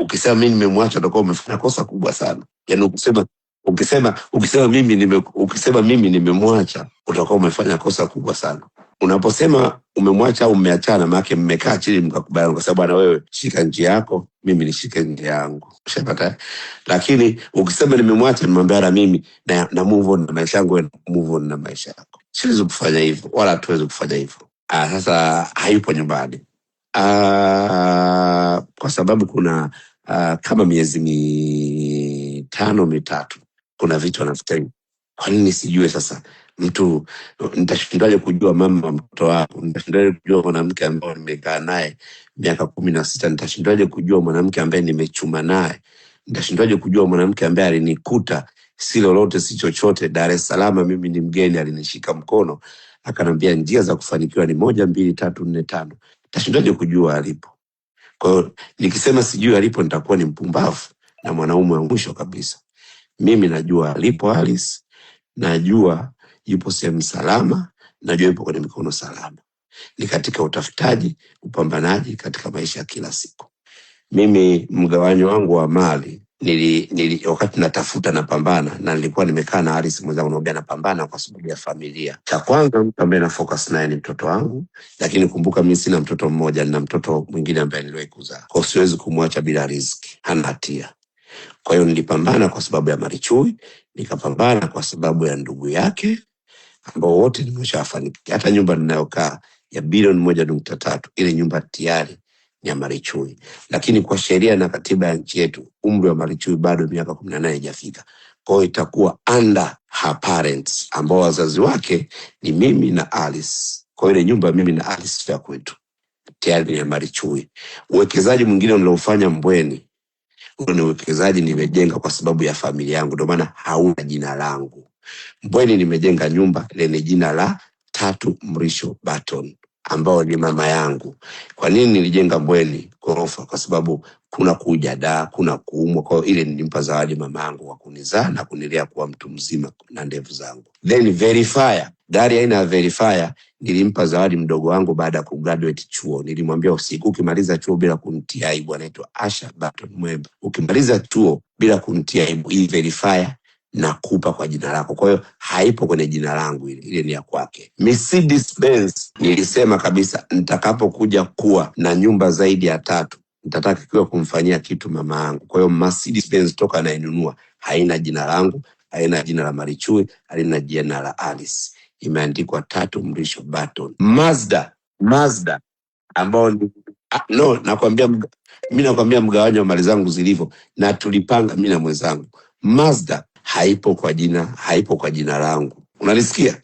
ukisema mimi nimemwacha utakuwa umefanya kosa kubwa sana. Yani ukisema ukisema ukisema mimi nime, ukisema mimi nimemwacha utakuwa umefanya kosa kubwa sana. Unaposema umemwacha au umeachana, maanake mmekaa chini mkakubaliana, kwa sababu ana wewe shika njia yako, mimi nishike njia yangu, ushapata. Eh? Lakini ukisema nimemwacha, nimwambia na mimi na, na move on na maisha yangu, move on na maisha yako. Siwezi kufanya hivyo, wala hatuwezi kufanya hivyo. Ah, sasa hayupo nyumbani uh, kwa sababu kuna uh, kama miezi mitano mitatu kuna vitu anafikiri kwa nini sijue sasa mtu nitashindaje kujua mama mtoto wako? Nitashindaje kujua mwanamke ambaye nimekaa naye miaka kumi na sita? Nitashindaje kujua mwanamke ambaye nimechuma naye? Nitashindaje kujua mwanamke ambaye alinikuta si lolote si chochote, Dar es Salaam, mimi ni mgeni, alinishika mkono akanambia njia za kufanikiwa ni moja, mbili, tatu, nne, tano. Tashindaje kujua alipo? Kwa hiyo nikisema sijui alipo nitakuwa ni mpumbavu na mwanaume wa mwisho kabisa. Mimi najua alipo Alice, najua yupo sehemu salama, najua yupo kwenye mikono salama. Ni katika utafutaji, upambanaji katika maisha ya kila siku. Mimi mgawanyo wangu wa mali nili, nili, wakati natafuta napambana, na nilikuwa nimekaa na Haris mwenzangu naongea, napambana kwa sababu ya familia. Cha kwanza mtu ambaye na focus naye ni mtoto wangu, lakini kumbuka mimi sina mtoto mmoja, nina mtoto mwingine ambaye niliwahi kuzaa, kwa siwezi kumwacha bila riziki, hana hatia. Kwa hiyo nilipambana kwa sababu ya Marichui, nikapambana kwa sababu ya ndugu yake ambao wote nimeshawafanikia. Hata nyumba ninayokaa ya bilioni moja nukta tatu ile nyumba tayari ya Marichui, lakini kwa sheria na katiba ya nchi yetu umri wa Marichui bado miaka kumi na nane haijafika. Kwa hiyo itakuwa under her parents ambao wazazi wake ni mimi na Alice. Kwa hiyo ile nyumba mimi na Alice ya kwetu tayari ni ya Marichui. Uwekezaji mwingine niliofanya Mbweni, huo ni uwekezaji nimejenga kwa sababu ya familia yangu, ndio maana hauna jina langu. Mbweni nimejenga nyumba lenye jina la Tatu Mrisho Barton ambao ni mama yangu. Kwa nini nilijenga Mbweni ghorofa? Kwa sababu kuna kuja da, kuna kuumwa. Kwa hiyo ile nilimpa zawadi mama yangu kwa kunizaa na kunilea kuwa mtu mzima na ndevu zangu. Then verifier, gari aina ya verifier nilimpa zawadi mdogo wangu baada ya kugraduate chuo. Nilimwambia usiku ukimaliza chuo bila kuntia aibu, anaitwa Asha Barton Mwemba, ukimaliza chuo bila kumtia aibu, hii verifier nakupa kwa jina lako. Kwa hiyo haipo kwenye jina langu, ile ile ni ya kwake. Mercedes Benz, nilisema kabisa nitakapokuja kuwa na nyumba zaidi ya tatu nitatakiwa kumfanyia kitu mama yangu. Kwa hiyo Mercedes Benz toka anainunua haina jina langu, haina jina la Marichui, halina jina la Alice, imeandikwa Tatu Mrisho Barton. Mazda, Mazda ambao ni Ah, no, nakwambia mi nakwambia mgawanyo wa mali zangu zilivyo, na tulipanga mi na mwenzangu Mazda haipo kwa jina, haipo kwa jina langu, unalisikia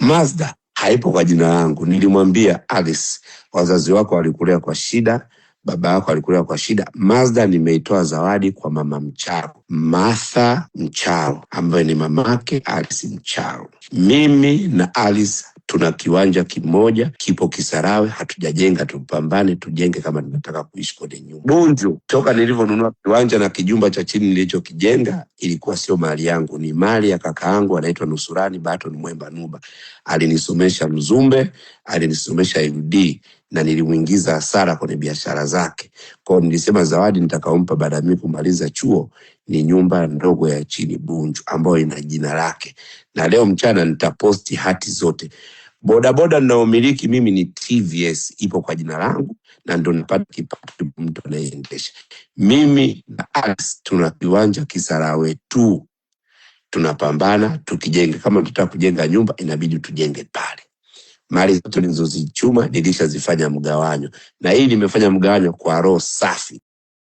Mazda haipo kwa jina langu. Nilimwambia Alice, wazazi wako walikulea kwa shida, baba yako alikulea kwa shida. Mazda nimeitoa zawadi kwa mama Mcharo, Martha Mcharo ambaye ni mamake Alice Mcharo. Mimi na Alice tuna kiwanja kimoja kipo Kisarawe, hatujajenga. Tupambane tujenge kama tunataka kuishi kwenye nyumba. Bunju, toka nilivyonunua kiwanja na kijumba cha chini nilichokijenga, ilikuwa sio mali yangu, ni mali ya kaka yangu anaitwa Nusurani Baton Mwemba Nuba. Alinisomesha Mzumbe, alinisomesha UD na nilimwingiza hasara kwenye biashara zake. Kwao nilisema zawadi nitakaompa baada ya mimi kumaliza chuo ni nyumba ndogo ya chini Bunju ambayo ina jina lake, na leo mchana nitaposti hati zote. Bodaboda ninayomiliki mimi ni TVS, ipo kwa jina langu na ndo napata kipato mtu anayeendesha. Mimi na Alex tuna kiwanja Kisarawe tu, tunapambana tukijenga. Kama tutaka kujenga nyumba, inabidi tujenge pale. Mali zote nilizozichuma nilishazifanya mgawanyo, na hii nimefanya mgawanyo kwa roho safi.